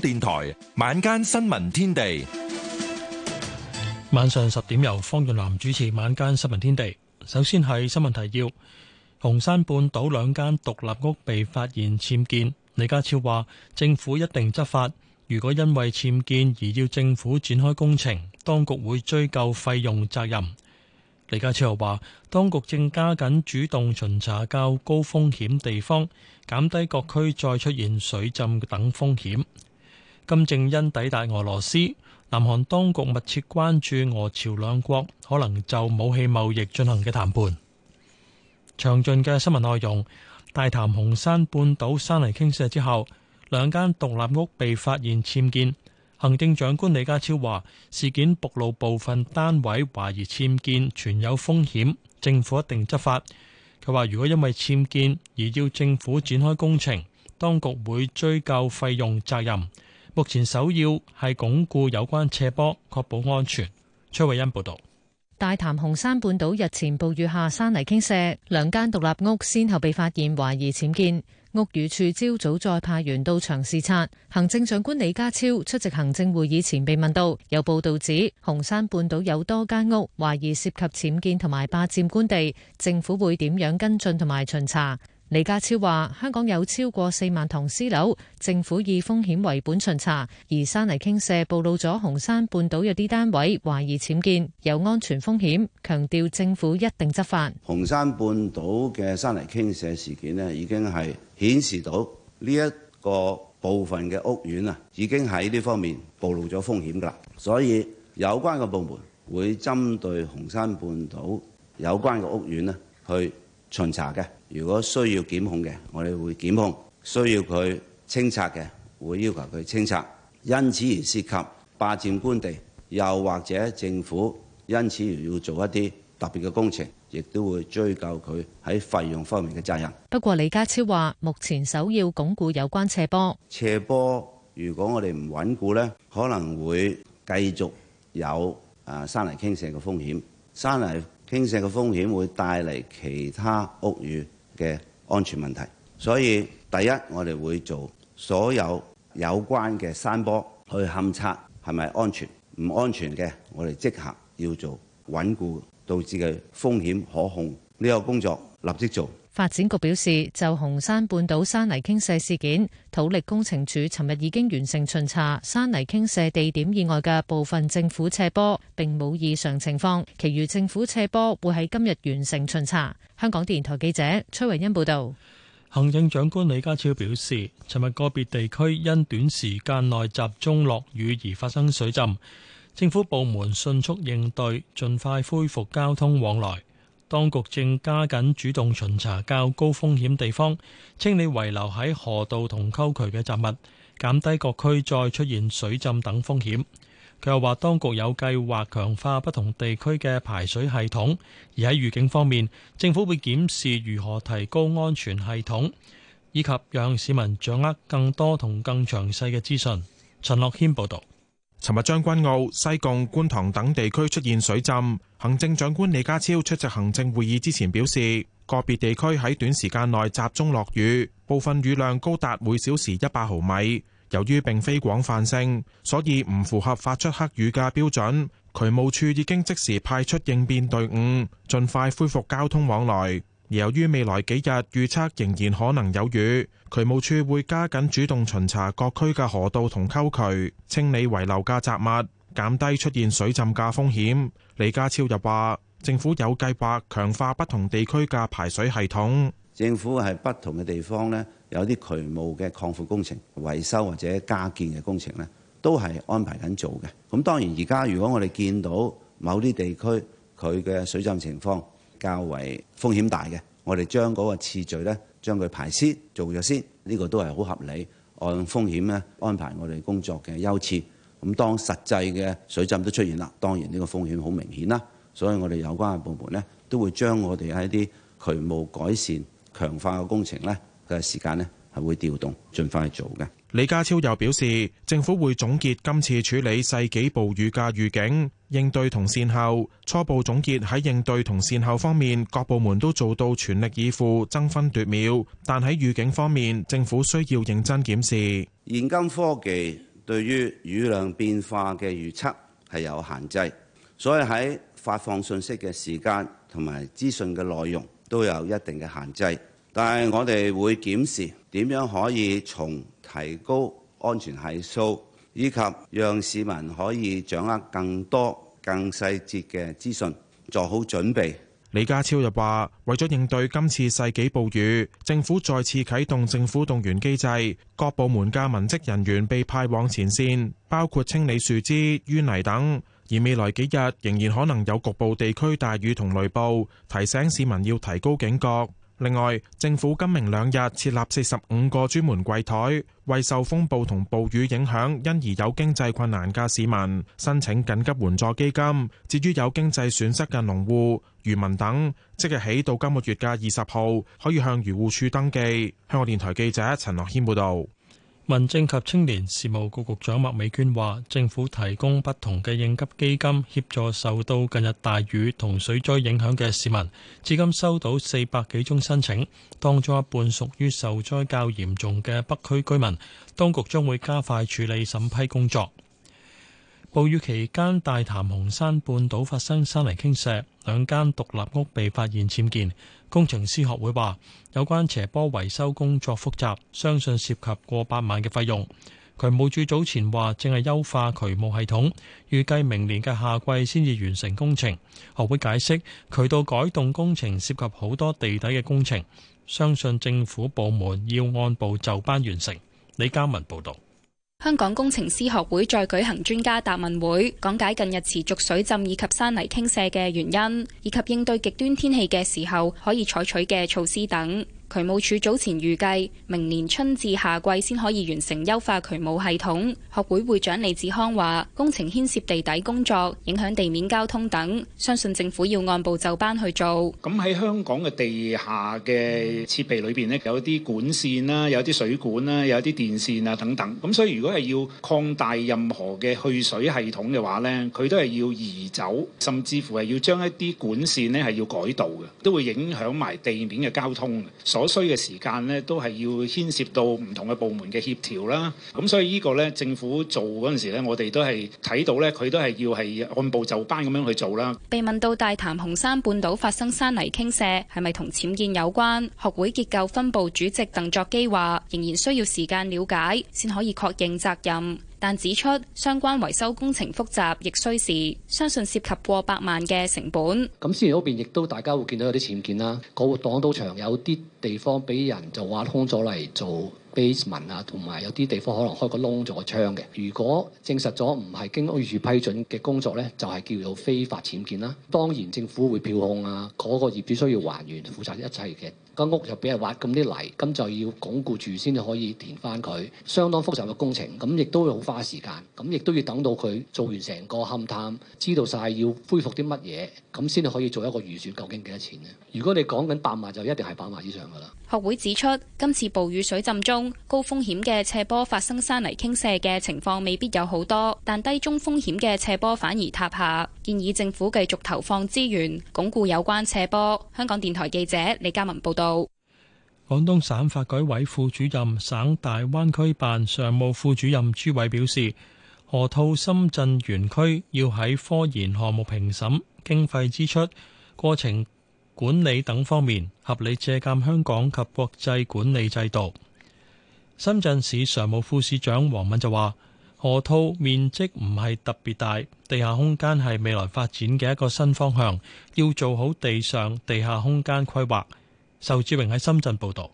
電台晚間新聞天地，晚上十點由方潤南主持。晚間新聞天地，首先係新聞提要：紅山半島兩間獨立屋被發現僭建。李家超話，政府一定執法。如果因為僭建而要政府展開工程，當局會追究費用責任。李家超又話，當局正加緊主動巡查較高風險地方，減低各區再出現水浸等風險。金正恩抵達俄羅斯，南韓當局密切關注俄朝兩國可能就武器貿易進行嘅談判。詳盡嘅新聞內容。大潭紅山半島山泥傾瀉之後，兩間獨立屋被發現僭建。行政長官李家超話，事件暴露部分單位懷疑僭建，存有風險，政府一定執法。佢話，如果因為僭建而要政府展開工程，當局會追究費用責任。目前首要係鞏固有關斜坡，確保安全。崔慧欣報道，大潭紅山半島日前暴雨下，山泥傾瀉，兩間獨立屋先後被發現懷疑僭建。屋宇處朝早再派員到場視察。行政長官李家超出席行政會議前被問到，有報導指紅山半島有多間屋懷疑涉及僭建同埋霸佔官地，政府會點樣跟進同埋巡查？李家超話：香港有超過四萬幢私樓，政府以風險為本巡查，而山泥傾瀉暴露咗紅山半島有啲單位懷疑僭建，有安全風險。強調政府一定執法。紅山半島嘅山泥傾瀉事件咧，已經係顯示到呢一個部分嘅屋苑啊，已經喺呢方面暴露咗風險㗎啦。所以有關嘅部門會針對紅山半島有關嘅屋苑咧去巡查嘅。如果需要檢控嘅，我哋會檢控；需要佢清拆嘅，會要求佢清拆。因此而涉及霸佔官地，又或者政府因此而要做一啲特別嘅工程，亦都會追究佢喺費用方面嘅責任。不過，李家超話：目前首要鞏固有關斜坡。斜坡如果我哋唔穩固呢，可能會繼續有啊山泥傾瀉嘅風險。山泥傾瀉嘅風險會帶嚟其他屋宇。嘅安全問題。所以第一，我哋會做所有有關嘅山坡去勘察係咪安全，唔安全嘅我哋即刻要做穩固導致嘅風險可控呢，這個工作立即做。發展局表示，就紅山半島山泥傾瀉事件，土力工程處尋日已經完成巡查，山泥傾瀉地點以外嘅部分政府斜坡並冇異常情況，其餘政府斜坡會喺今日完成巡查。香港電台記者崔維欣報道。行政長官李家超表示，尋日個別地區因短時間內集中落雨而發生水浸，政府部門迅速應對，盡快恢復交通往來。當局正加緊主動巡查較高風險地方，清理遺留喺河道同溝渠嘅雜物，減低各區再出現水浸等風險。佢又話，當局有計劃強化不同地區嘅排水系統，而喺預警方面，政府會檢視如何提高安全系統，以及讓市民掌握更多同更詳細嘅資訊。陳樂謙報道。尋日將軍澳、西貢、觀塘等地區出現水浸，行政長官李家超出席行政會議之前表示，個別地區喺短時間內集中落雨，部分雨量高達每小時一百毫米。由於並非廣泛性，所以唔符合發出黑雨嘅標準。渠務處已經即時派出應變隊伍，盡快恢復交通往來。由於未來幾日預測仍然可能有雨，渠務處會加緊主動巡查各區嘅河道同溝渠，清理遺留嘅雜物，減低出現水浸嘅風險。李家超又話，政府有計劃強化不同地區嘅排水系統。政府喺不同嘅地方呢，有啲渠務嘅擴闊工程、維修或者加建嘅工程呢，都係安排緊做嘅。咁當然，而家如果我哋見到某啲地區，佢嘅水浸情況，較為風險大嘅，我哋將嗰個次序呢，將佢排先做咗先，呢個都係好合理，按風險呢安排我哋工作嘅優次。咁當實際嘅水浸都出現啦，當然呢個風險好明顯啦，所以我哋有關嘅部門呢，都會將我哋喺啲渠務改善強化嘅工程呢嘅時間呢係會調動盡快去做嘅。李家超又表示，政府會總結今次處理世紀暴雨嘅預警、應對同善後初步總結，喺應對同善後方面，各部門都做到全力以赴、爭分奪秒。但喺預警方面，政府需要認真檢視。現今科技對於雨量變化嘅預測係有限制，所以喺發放信息嘅時間同埋資訊嘅內容都有一定嘅限制。但係我哋會檢視點樣可以從。提高安全係數，以及讓市民可以掌握更多、更細節嘅資訊，做好準備。李家超又話，為咗應對今次世紀暴雨，政府再次啟動政府動員機制，各部門嘅文職人員被派往前線，包括清理樹枝、淤泥等。而未來幾日仍然可能有局部地區大雨同雷暴，提醒市民要提高警覺。另外，政府今明兩日設立四十五個專門櫃枱，為受風暴同暴雨影響因而有經濟困難嘅市民申請緊急援助基金。至於有經濟損失嘅農戶、漁民等，即日起到今個月嘅二十號，可以向漁護處登記。香港電台記者陳樂軒報導。民政及青年事務局局長麥美娟話，政府提供不同嘅應急基金協助受到近日大雨同水災影響嘅市民，至今收到四百幾宗申請，當中一半屬於受災較嚴重嘅北區居民，當局將會加快處理審批工作。暴雨期間，大潭紅山半島發生山泥傾瀉，兩間獨立屋被發現僭建。工程師學會話：有關斜坡維修工作複雜，相信涉及過百萬嘅費用。渠務署早前話，正係優化渠務系統，預計明年嘅夏季先至完成工程。學會解釋，渠道改動工程涉及好多地底嘅工程，相信政府部門要按部就班完成。李嘉文報導。香港工程師學會再舉行專家答問會，講解近日持續水浸以及山泥傾瀉嘅原因，以及應對極端天氣嘅時候可以採取嘅措施等。渠務署早前預計明年春至夏季先可以完成優化渠務系統。學會會長李志康話：工程牽涉地底工作，影響地面交通等，相信政府要按部就班去做。咁喺香港嘅地下嘅設備裏邊呢，有一啲管線啦，有啲水管啦，有啲電線啊等等。咁所以如果係要擴大任何嘅去水系統嘅話呢，佢都係要移走，甚至乎係要將一啲管線呢係要改道嘅，都會影響埋地面嘅交通。所需嘅時間咧，都係要牽涉到唔同嘅部門嘅協調啦。咁所以呢個咧，政府做嗰陣時咧，我哋都係睇到咧，佢都係要係按部就班咁樣去做啦。被問到大潭紅山半島發生山泥傾瀉係咪同僭建有關，學會結構分部主席鄧作基話：仍然需要時間了解，先可以確認責任。但指出相關維修工程複雜，亦需時，相信涉及過百萬嘅成本。咁之前嗰邊亦都大家會見到有啲僭建啦，個擋土牆有啲地方俾人就挖空咗嚟做 basement 啊，同埋有啲地方可能開個窿做窗嘅。如果證實咗唔係經屋宇批准嘅工作咧，就係叫做非法僭建啦。當然政府會票控啊，嗰個業主需要還原，負責一切嘅。 間屋又俾人挖咁啲泥，咁就要鞏固住先至可以填翻佢，相當複雜嘅工程，咁亦都會好花時間，咁亦都要等到佢做完成個勘探，知道晒要恢復啲乜嘢，咁先至可以做一個預算，究竟幾多錢呢？如果你講緊百萬，就一定係百萬以上噶啦。學會指出，今次暴雨水浸中，高風險嘅斜坡發生山泥傾瀉嘅情況未必有好多，但低中風險嘅斜坡反而塌下。建議政府繼續投放資源鞏固有關斜坡。香港電台記者李嘉文報道。廣東省發改委副主任、省大灣區辦常務副主任朱偉表示，河套深圳園區要喺科研項目評審、經費支出、過程管理等方面合理借鑒香港及國際管理制度。深圳市常務副市長黃敏就話，河套面積唔係特別大，地下空間係未來發展嘅一個新方向，要做好地上、地下空間規劃。仇志榮喺深圳報道。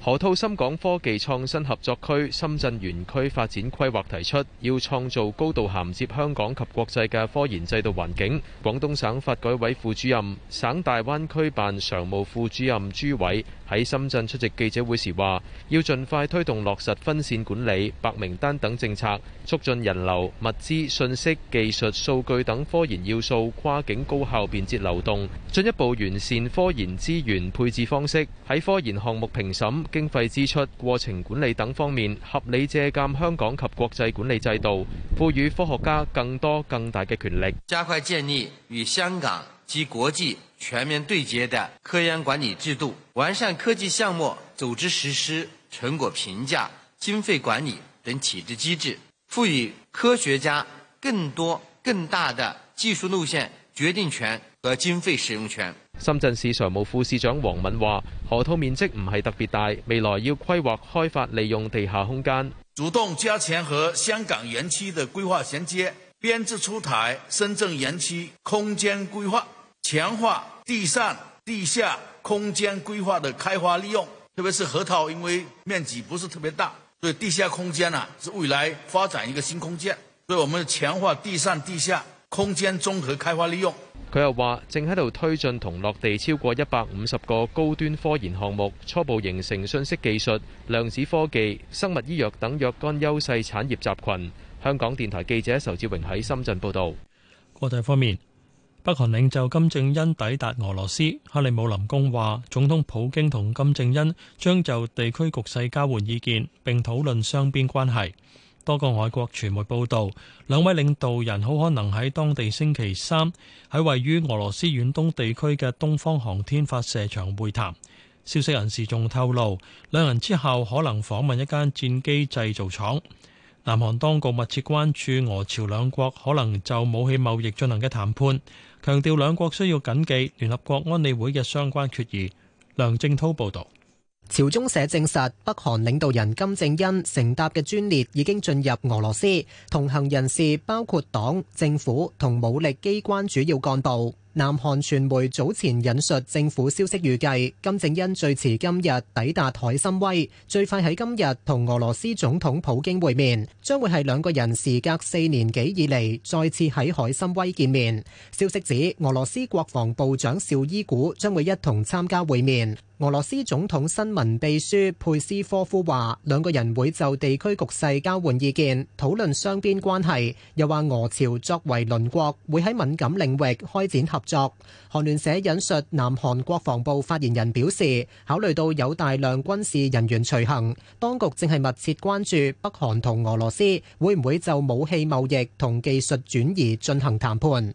河套深港科技創新合作區深圳園區發展規劃提出，要創造高度銜接香港及國際嘅科研制度環境。廣東省發改委副主任、省大灣區辦常務副主任朱偉喺深圳出席記者會時話：要盡快推動落實分線管理、白名單等政策，促進人流、物資、信息、技術、數據等科研要素跨境高效便捷流動，進一步完善科研資源配置方式，喺科研項目評審。經費支出、過程管理等方面合理借鑒香港及國際管理制度，賦予科學家更多更大嘅權力，加快建立與香港及國際全面對接的科研管理制度，完善科技項目組織實施、成果評價、經費管理等體制機制，賦予科學家更多更大的技術路線決定權和經費使用權。深圳市常務副市長黃敏話：河套面積唔係特別大，未來要規劃開發利用地下空間。主動加強和香港園區的規劃銜接，編制出台深圳園區空間規劃，強化地上地下空間規劃的開發利用。特別是河套，因為面積不是特別大，所以地下空間啊是未來發展一個新空間。所以，我們強化地上地下空間綜合開發利用。佢又話：正喺度推進同落地超過一百五十個高端科研項目，初步形成信息技術、量子科技、生物醫藥等若干優勢產業集群。香港電台記者仇志榮喺深圳報導。國際方面，北韓領袖金正恩抵達俄羅斯，克里姆林宮話，總統普京同金正恩將就地區局勢交換意見，並討論雙邊關係。多個外國傳媒報道，兩位領導人好可能喺當地星期三喺位於俄羅斯遠東地區嘅東方航天發射場會談。消息人士仲透露，兩人之後可能訪問一間戰機製造廠。南韓當局密切關注俄朝兩國可能就武器貿易進行嘅談判，強調兩國需要緊記聯合國安理會嘅相關決議。梁正滔報導。朝中社證實，北韓領導人金正恩乘搭嘅專列已經進入俄羅斯，同行人士包括黨、政府同武力機關主要幹部。南韓傳媒早前引述政府消息預計，金正恩最遲今日抵達海參崴，最快喺今日同俄羅斯總統普京會面，將會係兩個人時隔四年幾以嚟再次喺海參崴見面。消息指俄羅斯國防部長邵伊古將會一同參加會面。俄羅斯總統新聞秘書佩斯科夫話，兩個人會就地區局勢交換意見，討論雙邊關係，又話俄朝作為鄰國會喺敏感領域開展合。作韓聯社引述南韓國防部發言人表示，考慮到有大量軍事人員隨行，當局正係密切關注北韓同俄羅斯會唔會就武器貿易同技術轉移進行談判。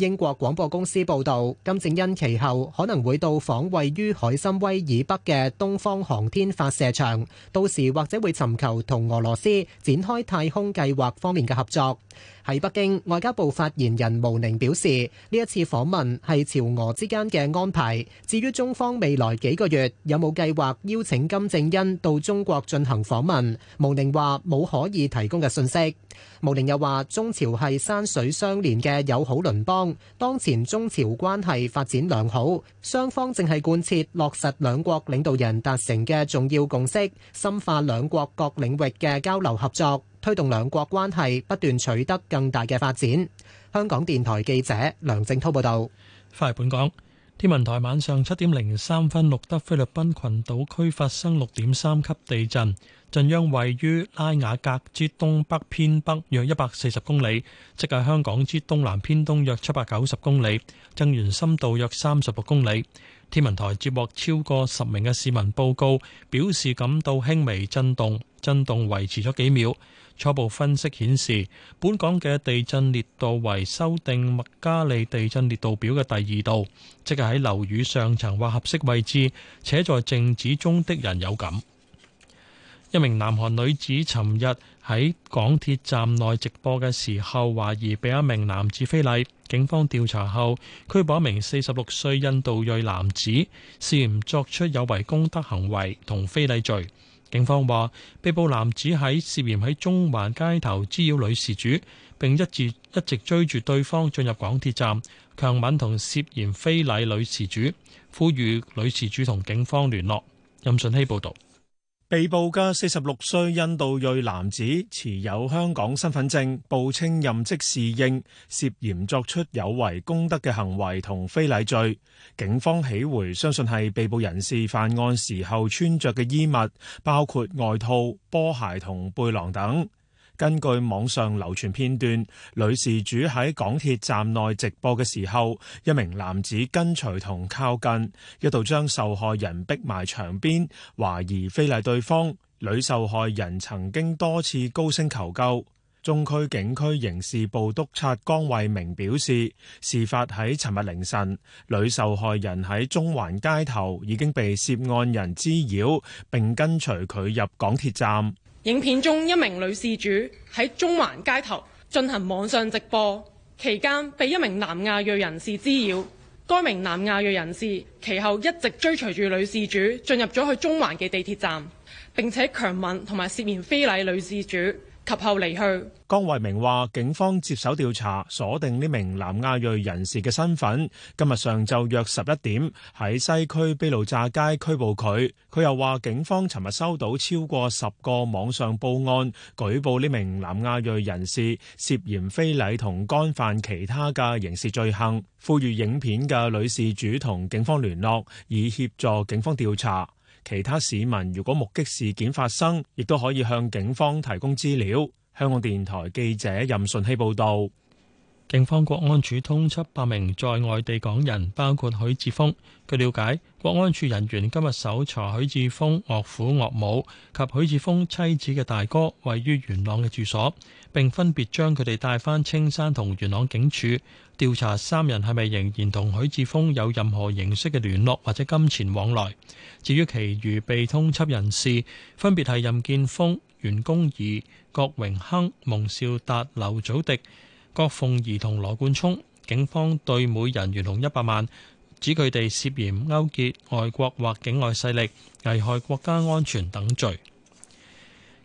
英國廣播公司報導，金正恩其後可能會到訪位於海參崴以北嘅東方航天發射場，到時或者會尋求同俄羅斯展開太空計劃方面嘅合作。喺北京，外交部發言人毛寧表示，呢一次訪問係朝俄之間嘅安排。至於中方未來幾個月有冇計劃邀請金正恩到中國進行訪問，毛寧話冇可以提供嘅信息。毛寧又話：中朝係山水相連嘅友好鄰邦，當前中朝關係發展良好，雙方正係貫徹落實兩國領導人達成嘅重要共識，深化兩國各領域嘅交流合作，推動兩國關係不斷取得更大嘅發展。香港電台記者梁正滔報道。翻嚟本港。天文台晚上七點零三分錄得菲律賓群島區發生六點三級地震，震央位於拉瓦格之東北偏北約一百四十公里，即係香港之東南偏東約七百九十公里，震源深度約三十六公里。天文台接獲超過十名嘅市民報告，表示感到輕微震動，震動維持咗幾秒。初步分析顯示，本港嘅地震烈度為修訂麥加利地震烈度表嘅第二度，即係喺樓宇上層或合適位置，且在靜止中的人有感。一名南韓女子尋日喺港鐵站內直播嘅時候，懷疑被一名男子非禮。警方調查後拘捕一名四十六歲印度裔男子，涉嫌作出有違公德行為同非禮罪。警方話，被捕男子喺涉嫌喺中環街頭滋擾女事主，並一直一直追住對方進入港鐵站，強吻同涉嫌非禮女事主。呼籲女事主同警方聯絡。任信希報導。被捕嘅四十六歲印度裔男子持有香港身份證，報稱任職侍應，涉嫌作出有違公德嘅行為同非禮罪。警方起回相信係被捕人士犯案時候穿着嘅衣物，包括外套、波鞋同背囊等。根據網上流傳片段，女事主喺港鐵站內直播嘅時候，一名男子跟隨同靠近，一度將受害人逼埋牆邊，懷疑非禮對方。女受害人曾經多次高聲求救。中區警區刑事部督察江惠明表示，事發喺尋日凌晨，女受害人喺中環街頭已經被涉案人滋擾，並跟隨佢入港鐵站。影片中一名女事主喺中環街頭進行網上直播，期間被一名南亞裔人士滋擾。該名南亞裔人士其後一直追隨住女事主，進入咗去中環嘅地鐵站，並且強吻同埋涉嫌非禮女事主。隨後離去。江慧明話：警方接手調查，鎖定呢名南亞裔人士嘅身份。今日上晝約十一點喺西區卑路乍街拘捕佢。佢又話：警方尋日收到超過十個網上報案，舉報呢名南亞裔人士涉嫌非禮同幹犯其他嘅刑事罪行。呼籲影片嘅女事主同警方聯絡，以協助警方調查。其他市民如果目擊事件發生，亦都可以向警方提供資料。香港電台記者任順希報導。警方國安處通緝八名在外地港人，包括許智峰。據了解，國安處人員今日搜查許智峰岳父岳母及許智峰妻子嘅大哥位於元朗嘅住所，並分別將佢哋帶返青山同元朗警署調查，三人係咪仍然同許智峰有任何形式嘅聯絡或者金錢往來。至於其餘被通緝人士，分別係任建峰、袁公儀、郭榮鏗、蒙兆達、劉祖迪、郭鳳儀同羅冠聰，警方對每人懸紅一百萬，指佢哋涉嫌勾結外國或境外勢力，危害國家安全等罪。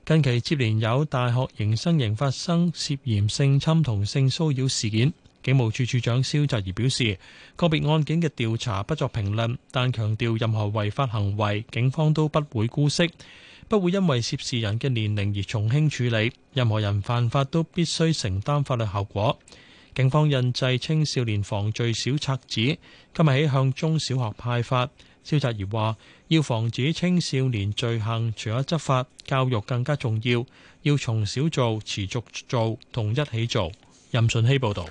近期接連有大學迎新營發生涉嫌性侵同性騷擾事件，警務處處長蕭澤頤表示，個別案件嘅調查不作評論，但強調任何違法行為，警方都不會姑息。不會因為涉事人嘅年齡而從輕處理。任何人犯法都必須承擔法律後果。警方印製青少年防罪小冊子，今日起向中小學派發。蕭澤怡話：要防止青少年罪行，除咗執法，教育更加重要。要從小做，持續做，同一起做。任信希報導。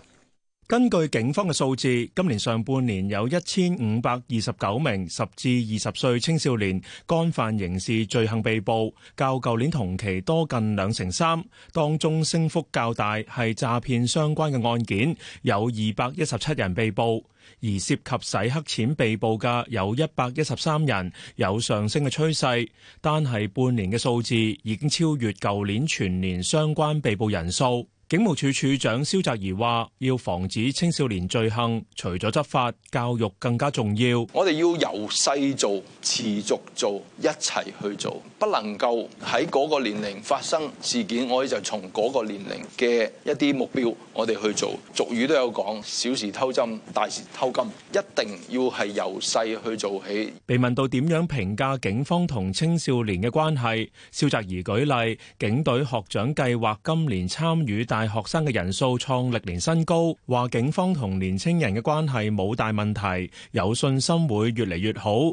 根據警方嘅數字，今年上半年有一千五百二十九名十至二十歲青少年干犯刑事罪行被捕，較舊年同期多近兩成三。當中升幅較大，係詐騙相關嘅案件，有二百一十七人被捕，而涉及洗黑錢被捕嘅有一百一十三人，有上升嘅趨勢。單係半年嘅數字已經超越舊年全年相關被捕人數。警務處處長蕭澤頤話，要防止青少年罪行，除咗執法，教育更加重要。我哋要由細做，持續做，一齊去做，不能夠喺嗰個年齡發生事件，我哋就從嗰個年齡嘅一啲目標，我哋去做。俗語都有講，小時偷針，大時偷金，一定要係由細去做起。被問到點樣評價警方同青少年嘅關係，蕭澤頤舉例，警隊學長計劃今年參與大學生嘅人數創歷年新高，話警方同年青人嘅關係冇大問題，有信心會越嚟越好。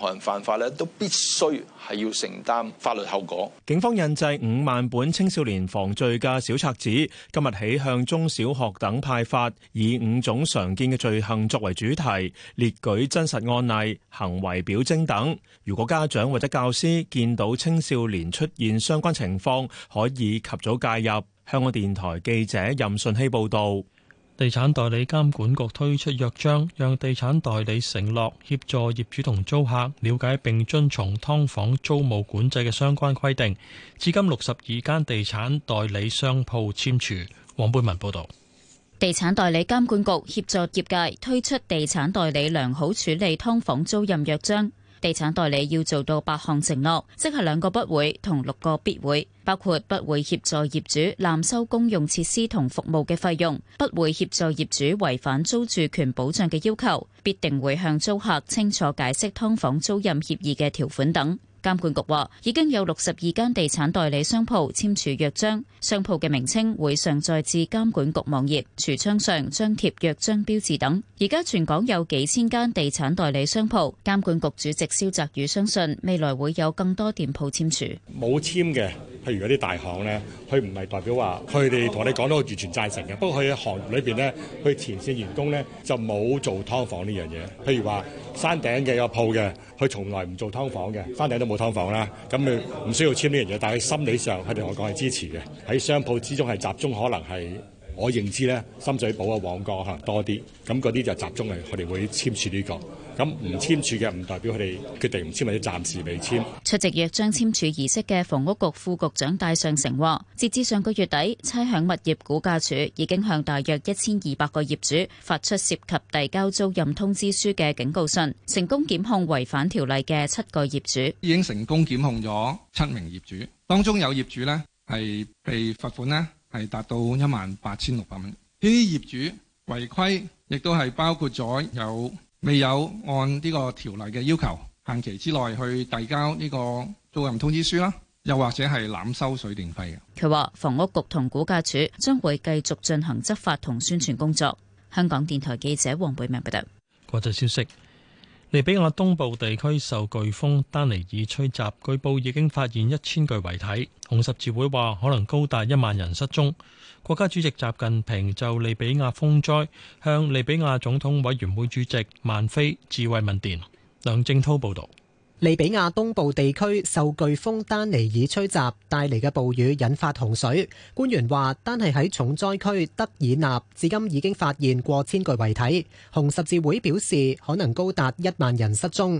犯法咧，都必須係要承擔法律後果。警方印製五萬本青少年防罪嘅小冊子，今日起向中小學等派發，以五種常見嘅罪行作為主題，列舉真實案例、行為表徵等。如果家長或者教師見到青少年出現相關情況，可以及早介入。香港電台記者任順希報道。地產代理監管局推出約章，讓地產代理承諾協助業主同租客了解並遵從劏房租務管制嘅相關規定。至今六十二間地產代理商鋪簽署。黃貝文報道。地產代理監管局協助業界推出地產代理良好處理劏房租賃約章。地產代理要做到八項承諾，即係兩個不會同六個必會，包括不會協助業主濫收公用設施同服務嘅費用，不會協助業主違反租住權保障嘅要求，必定會向租客清楚解釋劏房租賃協議嘅條款等。監管局話，已經有六十二間地產代理商鋪簽署約章，商鋪嘅名稱會上載至監管局網頁、櫥窗上張貼約章標誌等。而家全港有幾千間地產代理商鋪，監管局主席蕭澤宇相信未來會有更多店鋪簽署。冇簽嘅。譬如嗰啲大行咧，佢唔係代表話佢哋同你講到個完全贊成嘅。不過佢行裏邊咧，佢前線員工咧就冇做劏房呢樣嘢。譬如話山頂嘅有個鋪嘅，佢從來唔做劏房嘅，山頂都冇劏房啦。咁你唔需要簽呢樣嘢，但係心理上佢哋同我講係支持嘅。喺商鋪之中係集中，可能係我認知咧，深水埗嘅旺角可能多啲。咁嗰啲就集中係佢哋會簽署呢個。咁唔簽署嘅唔代表佢哋決定唔簽，或者暫時未簽。出席約章簽署儀式嘅房屋局副局長戴尚成話，截至上個月底，差餉物業估價署已經向大約一千二百個業主發出涉及遞交租賃通知書嘅警告信，成功檢控違反條例嘅七個業主，已經成功檢控咗七名業主，當中有業主呢係被罰款呢係達到一萬八千六百蚊。呢啲業主違規，亦都係包括咗有。未有按呢個條例嘅要求限期之內去遞交呢個租賃通知書啦，又或者係濫收水電費嘅。佢話房屋局同估價署將會繼續進行執法同宣傳工作。香港電台記者黃貝明報道。國際消息。利比亞東部地區受颶風丹尼爾吹襲，據報已經發現一千具遺體。紅十字會話可能高達一萬人失蹤。國家主席習近平就利比亞風災向利比亞總統委員會主席曼菲致慰問電。梁正滔報導。利比亞東部地區受颶風丹尼爾吹襲，帶嚟嘅暴雨引發洪水，官員話單係喺重災區德爾納，至今已經發現過千具遺體。紅十字會表示可能高達一萬人失蹤。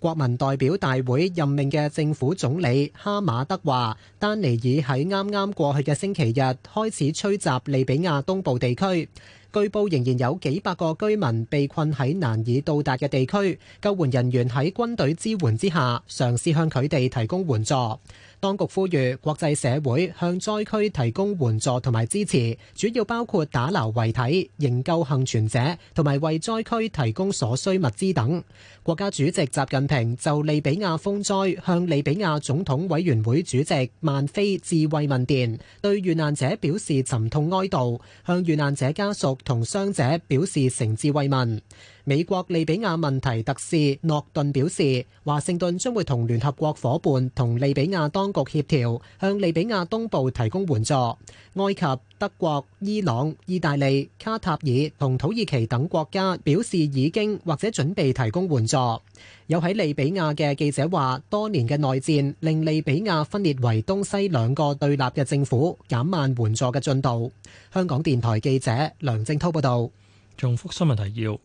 國民代表大會任命嘅政府總理哈馬德話：丹尼爾喺啱啱過去嘅星期日開始吹襲利比亞東部地區，據報仍然有幾百個居民被困喺難以到達嘅地區，救援人員喺軍隊支援之下，嘗試向佢哋提供援助。當局呼籲國際社會向災區提供援助同埋支持，主要包括打撈遺體、營救幸存者同埋為災區提供所需物資等。國家主席習近平就利比亞風災向利比亞總統委員會主席曼菲致慰問電，對遇難者表示沉痛哀悼，向遇難者家屬同傷者表示誠摯慰問。美國利比亞問題特使諾頓表示，華盛頓將會同聯合國夥伴同利比亞當局協調，向利比亞東部提供援助。埃及、德國、伊朗、意大利、卡塔爾同土耳其等國家表示已經或者準備提供援助。有喺利比亞嘅記者話，多年嘅內戰令利比亞分裂為東西兩個對立嘅政府，減慢援助嘅進度。香港電台記者梁正濤報道。重複新聞提要。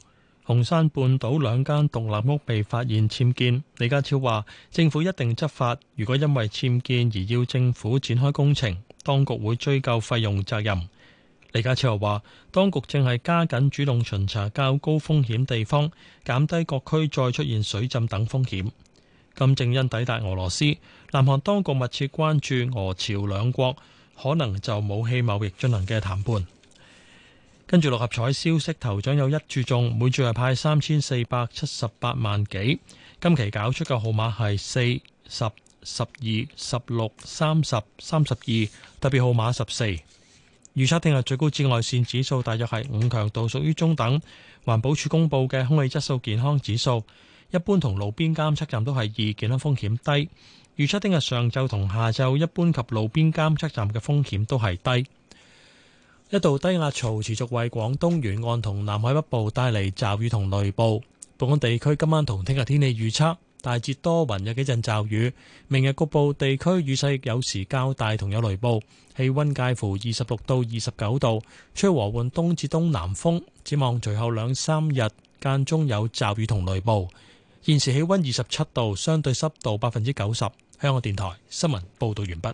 紅山半島兩間獨立屋被發現僭建，李家超話政府一定執法。如果因為僭建而要政府展開工程，當局會追究費用責任。李家超又話，當局正係加緊主動巡查較高風險地方，減低各區再出現水浸等風險。金正恩抵達俄羅斯，南韓當局密切關注俄朝兩國，可能就武器貿易進行嘅談判。跟住六合彩消息，頭獎有一注中，每注係派三千四百七十八萬幾。今期搞出嘅號碼係四、十、十二、十六、三十、三十二，特別號碼十四。預測聽日最高紫外線指數大約係五強度，屬於中等。環保署公布嘅空氣質素健康指數，一般同路邊監測站都係二，健康風險低。預測聽日上晝同下晝，一般及路邊監測站嘅風險都係低。一道低壓槽持續為廣東沿岸同南海北部帶嚟驟雨同雷暴。本港地區今晚同聽日天氣預測大致多雲，有幾陣驟雨。明日局部地區雨勢有時較大，同有雷暴。氣溫介乎二十六到二十九度，吹和緩東至東南風，展望隨後兩三日間中有驟雨同雷暴。現時氣溫二十七度，相對濕度百分之九十。香港電台新聞報道完畢。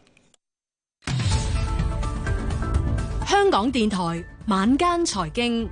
香港電台晚間財經，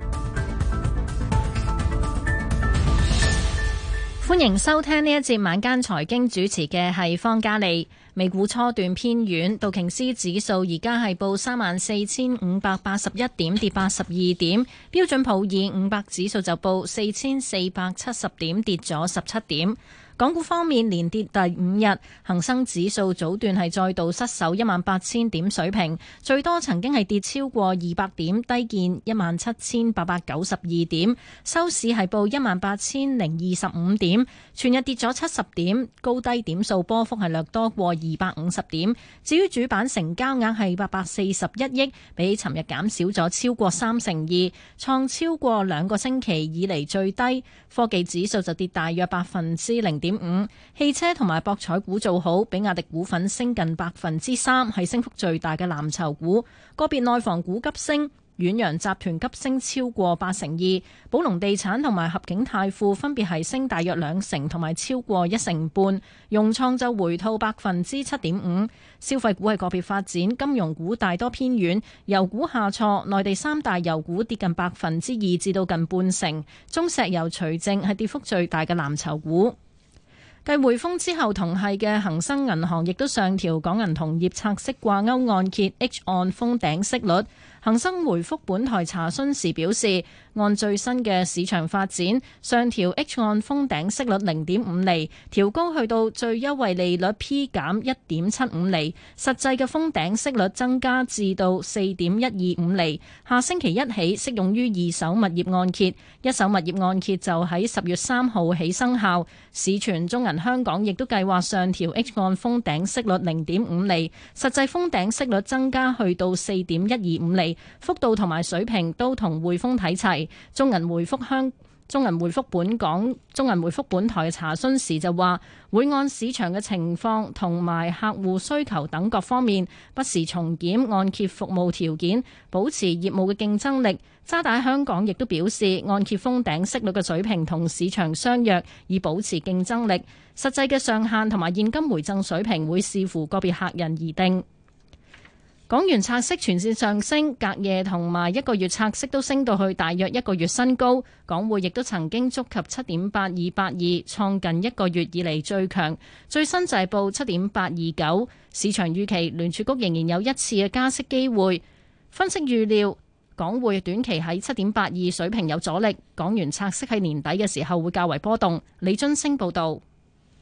歡迎收聽呢一節晚間財經主持嘅係方嘉利。美股初段偏軟，道瓊斯指數而家係報三萬四千五百八十一點，跌八十二點；標準普爾五百指數就報四千四百七十點，跌咗十七點。港股方面連跌第五日，恒生指數早段係再度失守一萬八千點水平，最多曾經係跌超過二百點，低見一萬七千八百九十二點，收市係報一萬八千零二十五點，全日跌咗七十點，高低點數波幅係略多過二百五十點。至於主板成交額係八百四十一億，比尋日減少咗超過三成二，創超過兩個星期以嚟最低。科技指數就跌大約百分之零點點五汽車同埋博彩股做好，比亞迪股份升近百分之三，係升幅最大嘅藍籌股。個別內房股急升，遠洋集團急升超過八成二，寶龍地產同埋合景泰富分別係升大約兩成同埋超過一成半。融創就回吐百分之七點五。消費股係個別發展，金融股大多偏軟，油股下挫，內地三大油股跌近百分之二至到近半成，中石油除正係跌幅最大嘅藍籌股。繼匯豐之後，同係嘅恒生銀行亦都上調港銀同業拆息掛鈎按揭 H 按封頂息率。恒生回覆本台查詢時表示，按最新嘅市場發展，上調 H 按封頂息率零點五厘，調高去到最優惠利率 P 減一點七五厘，實際嘅封頂息率增加至到四點一二五厘，下星期一起適用於二手物業按揭，一手物業按揭就喺十月三號起生效。市傳中銀香港亦都計劃上調 H 按封頂息率零點五厘，實際封頂息率增加去到四點一二五厘。幅度同埋水平都同匯豐睇齊。中銀回覆香中銀回覆本港中銀回覆本台嘅查詢時就話，會按市場嘅情況同埋客戶需求等各方面，不時重檢按揭服務條件，保持業務嘅競爭力。渣打香港亦都表示，按揭封頂息率嘅水平同市場相若，以保持競爭力。實際嘅上限同埋現金回贈水平會視乎個別客人而定。港元拆息全線上升，隔夜同埋一個月拆息都升到去大約一個月新高，港匯亦都曾經觸及七點八二八二，創近一個月以嚟最強。最新就報七點八二九，市場預期聯儲局仍然有一次嘅加息機會。分析預料港匯短期喺七點八二水平有阻力，港元拆息喺年底嘅時候會較為波動，李津升報道。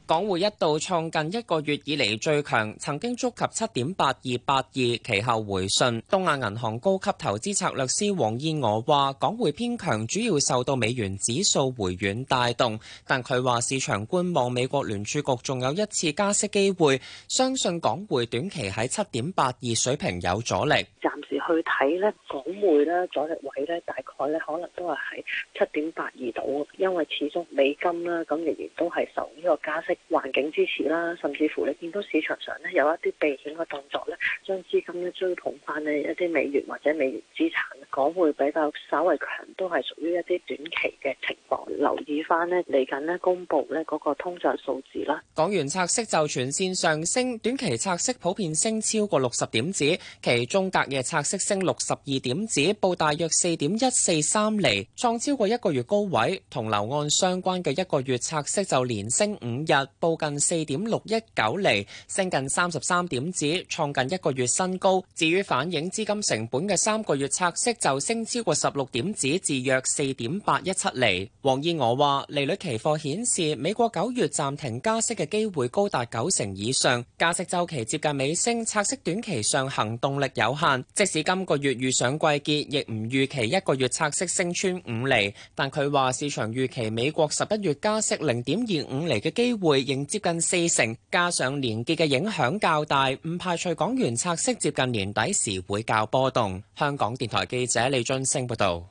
港匯一度創近一個月以嚟最強，曾經觸及七點八二八二，其後回順。東亞銀行高級投資策略師黃燕娥話：港匯偏強主要受到美元指數回軟帶動，但佢話市場觀望美國聯儲局仲有一次加息機會，相信港匯短期喺七點八二水平有阻力。暫時去睇咧，港匯咧阻力位咧，大概咧可能都係喺七點八二度，因為始終美金咧咁仍然都係受呢個加息。環境支持啦，甚至乎你見到市場上呢有一啲避險嘅動作呢，將資金呢追捧翻呢一啲美元或者美元資產，講會比較稍為強，都係屬於一啲短期嘅情況。留意翻呢嚟緊呢公佈呢嗰個通脹數字啦。港元拆息就全線上升，短期拆息普遍升超過六十點子，其中隔夜拆息升六十二點子，報大約四點一四三厘，創超過一個月高位。同樓按相關嘅一個月拆息就連升五日。報近四點六一九厘，升近三十三點子，創近一個月新高。至於反映資金成本嘅三個月拆息就升超過十六點子，至約四點八一七厘。王燕娥話：利率期貨顯示美國九月暫停加息嘅機會高達九成以上，加息週期接近尾聲，拆息短期上行動力有限。即使今個月遇上季結，亦唔預期一個月拆息升穿五厘。但佢話市場預期美國十一月加息零點二五厘嘅機會仍接近四成，加上連結嘅影響較大，唔排除港元拆息接近年底時會較波動。香港電台記者李俊升報道。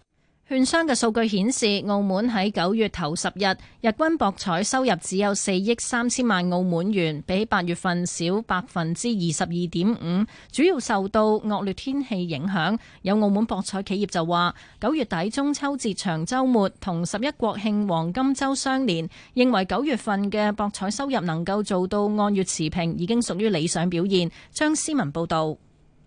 券商嘅數據顯示，澳門喺九月頭十日日均博彩收入只有四億三千萬澳門元，比八月份少百分之二十二點五，主要受到惡劣天氣影響。有澳門博彩企業就話，九月底中秋節長周末同十一國慶黃金周相連，認為九月份嘅博彩收入能夠做到按月持平，已經屬於理想表現。張思文報道。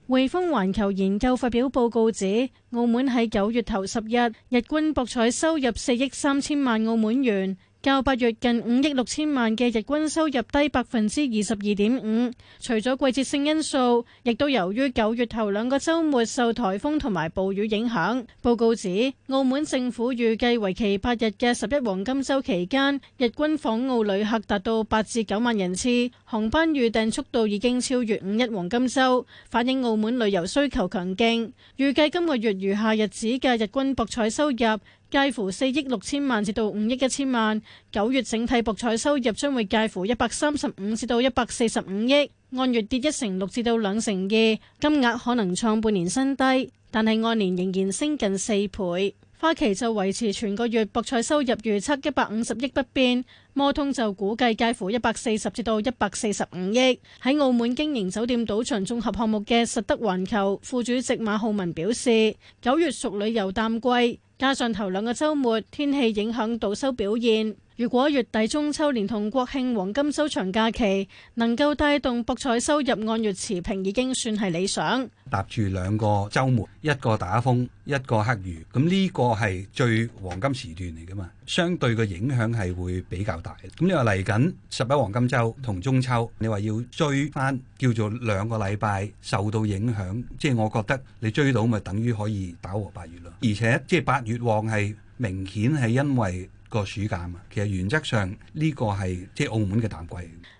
匯豐環球研究發表報告指，澳門喺九月頭十日日均博彩收入四億三千萬澳門元。較八月近五億六千萬嘅日均收入低百分之二十二點五，除咗季節性因素，亦都由於九月頭兩個週末受颱風同埋暴雨影響。報告指，澳門政府預計為期八日嘅十一黃金週期間，日均訪澳旅客達到八至九萬人次，航班預訂速度已經超越五一黃金週，反映澳門旅遊需求強勁。預計今個月餘下日子嘅日均博彩收入，介乎四億六千萬至到五億一千萬，九月整體博彩收入將會介乎一百三十五至到一百四十五億，按月跌一成六至到兩成二，金額可能創半年新低，但係按年仍然升近四倍。花旗就維持全個月博彩收入預測一百五十億不變，摩通就估計介乎一百四十至到一百四十五億。喺澳門經營酒店賭場綜合項目嘅實德環球副主席馬浩文表示，九月屬旅遊淡季，加上頭兩個週末天氣影響賭收表現。如果月底中秋連同國慶黃金週長假期能夠帶動博彩收入按月持平，已經算係理想。搭住兩個週末，一個打風，一個黑雨，咁呢個係最黃金時段嚟噶嘛？相對嘅影響係會比較大。咁你話嚟緊十一黃金週同中秋，你話要追翻叫做兩個禮拜受到影響，即係我覺得你追到咪等於可以打和八月咯。而且即係八月旺係明顯係因為。個暑假嘛，其實原則上呢個係即係澳門嘅淡季。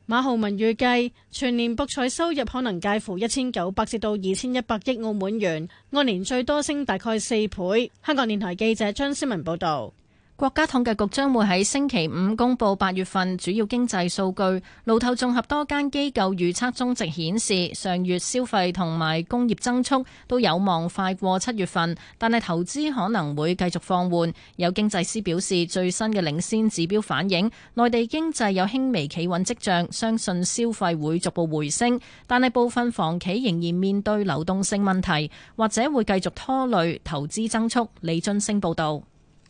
馬浩文預計全年博彩收入可能介乎一千九百至到二千一百億澳門元，按年最多升大概四倍。香港電台記者張思文報導。國家統計局將會喺星期五公布八月份主要經濟數據。路透綜合多間機構預測中值顯示，上月消費同埋工業增速都有望快過七月份，但係投資可能會繼續放緩。有經濟師表示，最新嘅領先指標反映內地經濟有輕微企穩跡象，相信消費會逐步回升，但係部分房企仍然面對流動性問題，或者會繼續拖累投資增速。李津升報道。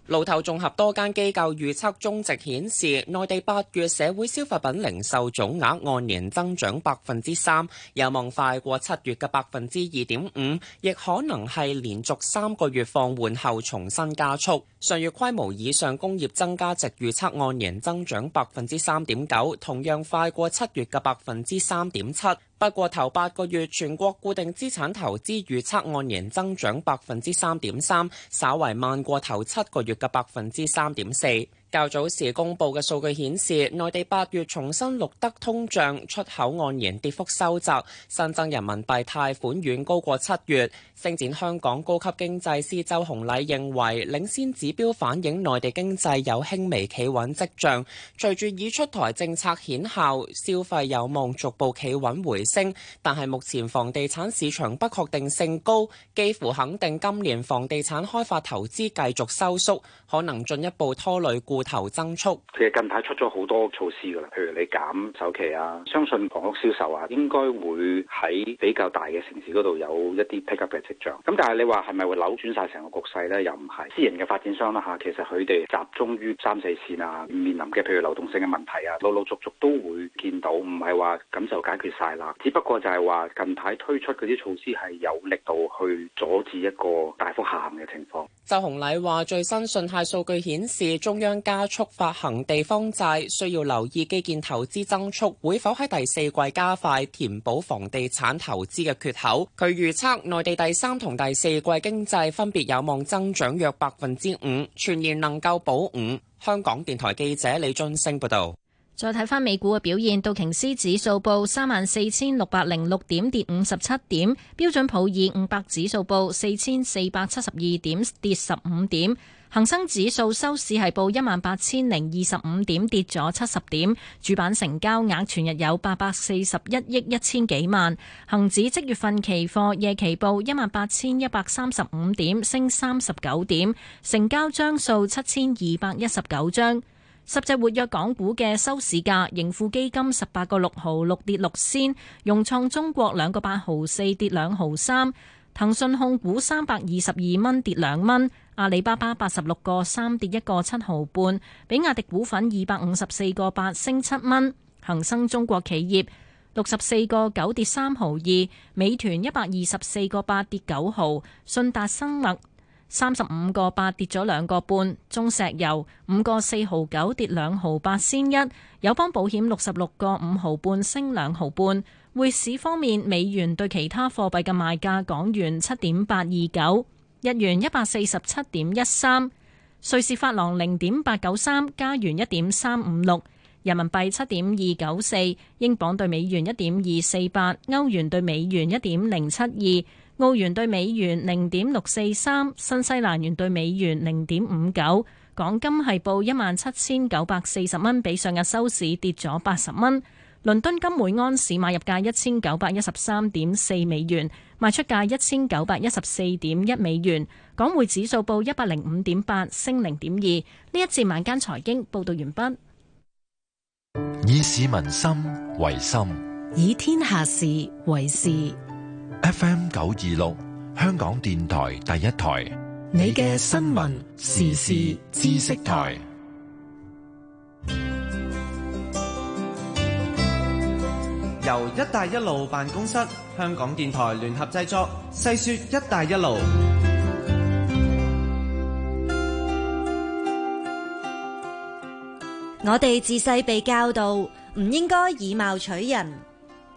路透綜合多間機構預測中值顯示，內地八月社會消費品零售總額按年增長百分之三，有望快過七月嘅百分之二點五，亦可能係連續三個月放緩後重新加速。上月規模以上工業增加值預測按年增長百分之三點九，同樣快過七月嘅百分之三點七。不過，頭八個月全國固定資產投資預測按年增長百分之三點三，稍為慢過頭七個月嘅百分之三點四。較早時公佈嘅數據顯示，內地八月重新錄得通脹，出口按年跌幅收窄，新增人民幣貸款遠高過七月。星展香港高級經濟師周紅禮認為，領先指標反映內地經濟有輕微企穩跡象，隨住已出台政策顯效，消費有望逐步企穩回升。但係目前房地產市場不確定性高，幾乎肯定今年房地產開發投資繼續收縮，可能進一步拖累頭增速，其實近排出咗好多措施噶啦，譬如你減首期啊，相信房屋銷售啊，應該會喺比較大嘅城市嗰度有一啲 pick up 嘅跡象。咁但係你話係咪會扭轉晒成個局勢呢？又唔係，私人嘅發展商啦、啊、吓，其實佢哋集中於三四線啊，面臨嘅譬如流動性嘅問題啊，陸陸續續都會見到，唔係話咁就解決晒啦。只不過就係話近排推出嗰啲措施係有力度去阻止一個大幅下行嘅情況。周洪禮話：最新信貸數據顯示，中央加速發行地方債，需要留意基建投資增速會否喺第四季加快，填補房地產投資嘅缺口。佢預測，內地第三同第四季經濟分別有望增長約百分之五，全年能夠保五。香港電台記者李津升報道。再睇翻美股嘅表現，道瓊斯指數報三萬四千六百零六點，跌五十七點；標準普爾五百指數報四千四百七十二點，跌十五點；恒生指數收市係報一萬八千零二十五點，跌咗七十點。主板成交額全日有八百四十一億一千幾萬。恒指即月份期貨夜期報一萬八千一百三十五點，升三十九點，成交張數七千二百一十九張。十隻活躍港股嘅收市價，盈富基金十八個六毫六跌六仙，融創中國兩個八毫四跌兩毫三，騰訊控股三百二十二蚊跌兩蚊，阿里巴巴八十六個三跌一個七毫半，比亞迪股份二百五十四個八升七蚊，恒生中國企業六十四個九跌三毫二，美團一百二十四個八跌九毫，信達生物。三十五個八跌咗兩個半，中石油五個四毫九跌兩毫八仙一，友邦保險六十六個五毫半升兩毫半。匯市方面，美元對其他貨幣嘅賣價，港元七點八二九，日元一百四十七點一三，瑞士法郎零點八九三，加元一點三五六，人民幣七點二九四，英鎊對美元一點二四八，歐元對美元一點零七二。澳元兌美元零點六四三，新西蘭元兌美元零點五九，港金係報一萬七千九百四十蚊，比上日收市跌咗八十蚊。倫敦金每安士買入價一千九百一十三點四美元，賣出價一千九百一十四點一美元。港匯指數報一百零五點八，升零點二。呢一節晚間財經報道完畢。以市民心為心，以天下事為事。FM 九二六，香港電台第一台，你嘅新聞時事知識台，由“一帶一路”辦公室、香港電台聯合製作，細說“一帶一路”。我哋自細被教導，唔應該以貌取人。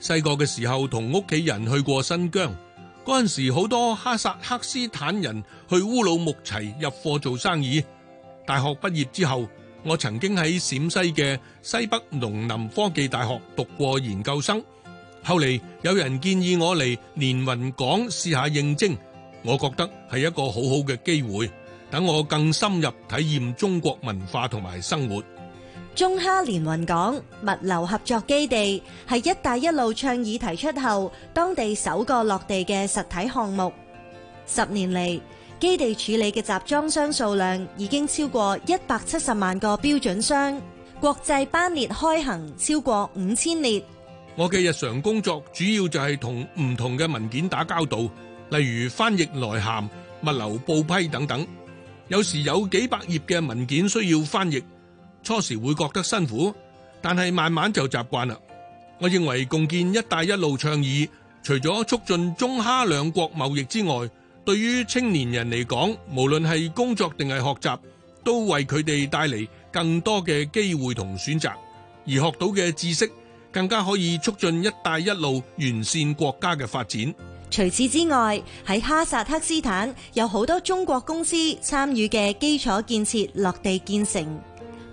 細個嘅時候同屋企人去過新疆，嗰陣時好多哈薩克斯坦人去烏魯木齊入貨做生意。大學畢業之後，我曾經喺陝西嘅西北農林科技大學讀過研究生。後嚟有人建議我嚟連雲港試下應徵，我覺得係一個好好嘅機會，等我更深入體驗中國文化同埋生活。中哈連雲港物流合作基地係“一帶一路”倡議提出後，當地首個落地嘅實體項目。十年嚟，基地處理嘅集裝箱數量已經超過一百七十萬個標準箱，國際班列開行超過五千列。我嘅日常工作主要就係同唔同嘅文件打交道，例如翻譯來函、物流報批等等。有時有幾百頁嘅文件需要翻譯。初時會覺得辛苦，但係慢慢就習慣啦。我認為共建“一帶一路”倡議，除咗促進中哈兩國貿易之外，對於青年人嚟講，無論係工作定係學習，都為佢哋帶嚟更多嘅機會同選擇。而學到嘅知識，更加可以促進“一帶一路”完善國家嘅發展。除此之外，喺哈薩克斯坦有好多中國公司參與嘅基礎建設落地建成。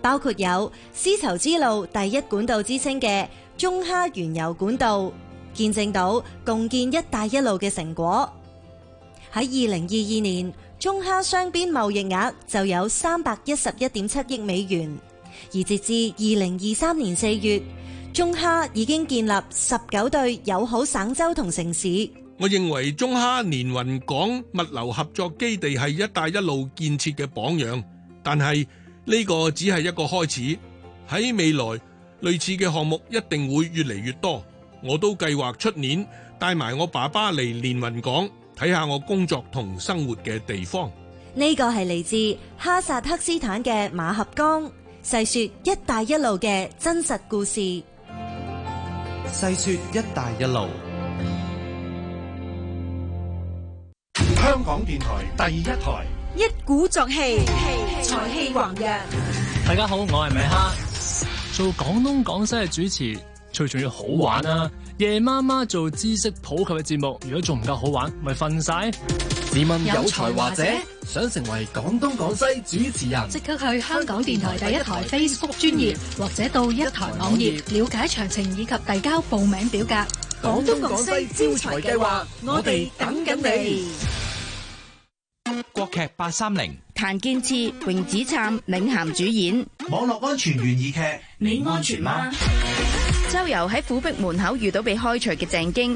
包括有絲綢之路第一管道之稱嘅中哈原油管道，見證到共建一帶一路嘅成果。喺二零二二年，中哈雙邊貿易額就有三百一十一點七億美元，而截至二零二三年四月，中哈已經建立十九對友好省州同城市。我認為中哈連雲港物流合作基地係一帶一路建設嘅榜樣，但係，呢個只係一個開始，喺未來類似嘅項目一定會越嚟越多。我都計劃出年帶埋我爸爸嚟連雲港睇下我工作同生活嘅地方。呢個係嚟自哈薩克斯坦嘅馬合江，細說一帶一路嘅真實故事。細說一帶一路，香港電台第一台。一鼓作氣，才氣橫溢。大家好，我係米哈。做廣東廣西嘅主持，最重要好玩啊。夜媽媽做知識普及嘅節目，如果仲唔夠好玩，咪瞓晒。你問有才華者想成為廣東廣西主持人，即刻去香港電台第一台 Facebook 專頁或者到一台網頁了解詳情以及遞交報名表格。廣東廣西招才計劃，我哋等緊你。國劇八三零，譚建次、榮子燦，領銜主演。網絡安全懸疑劇《你安全嗎》？周游喺府壁門口遇到被開除嘅鄭經。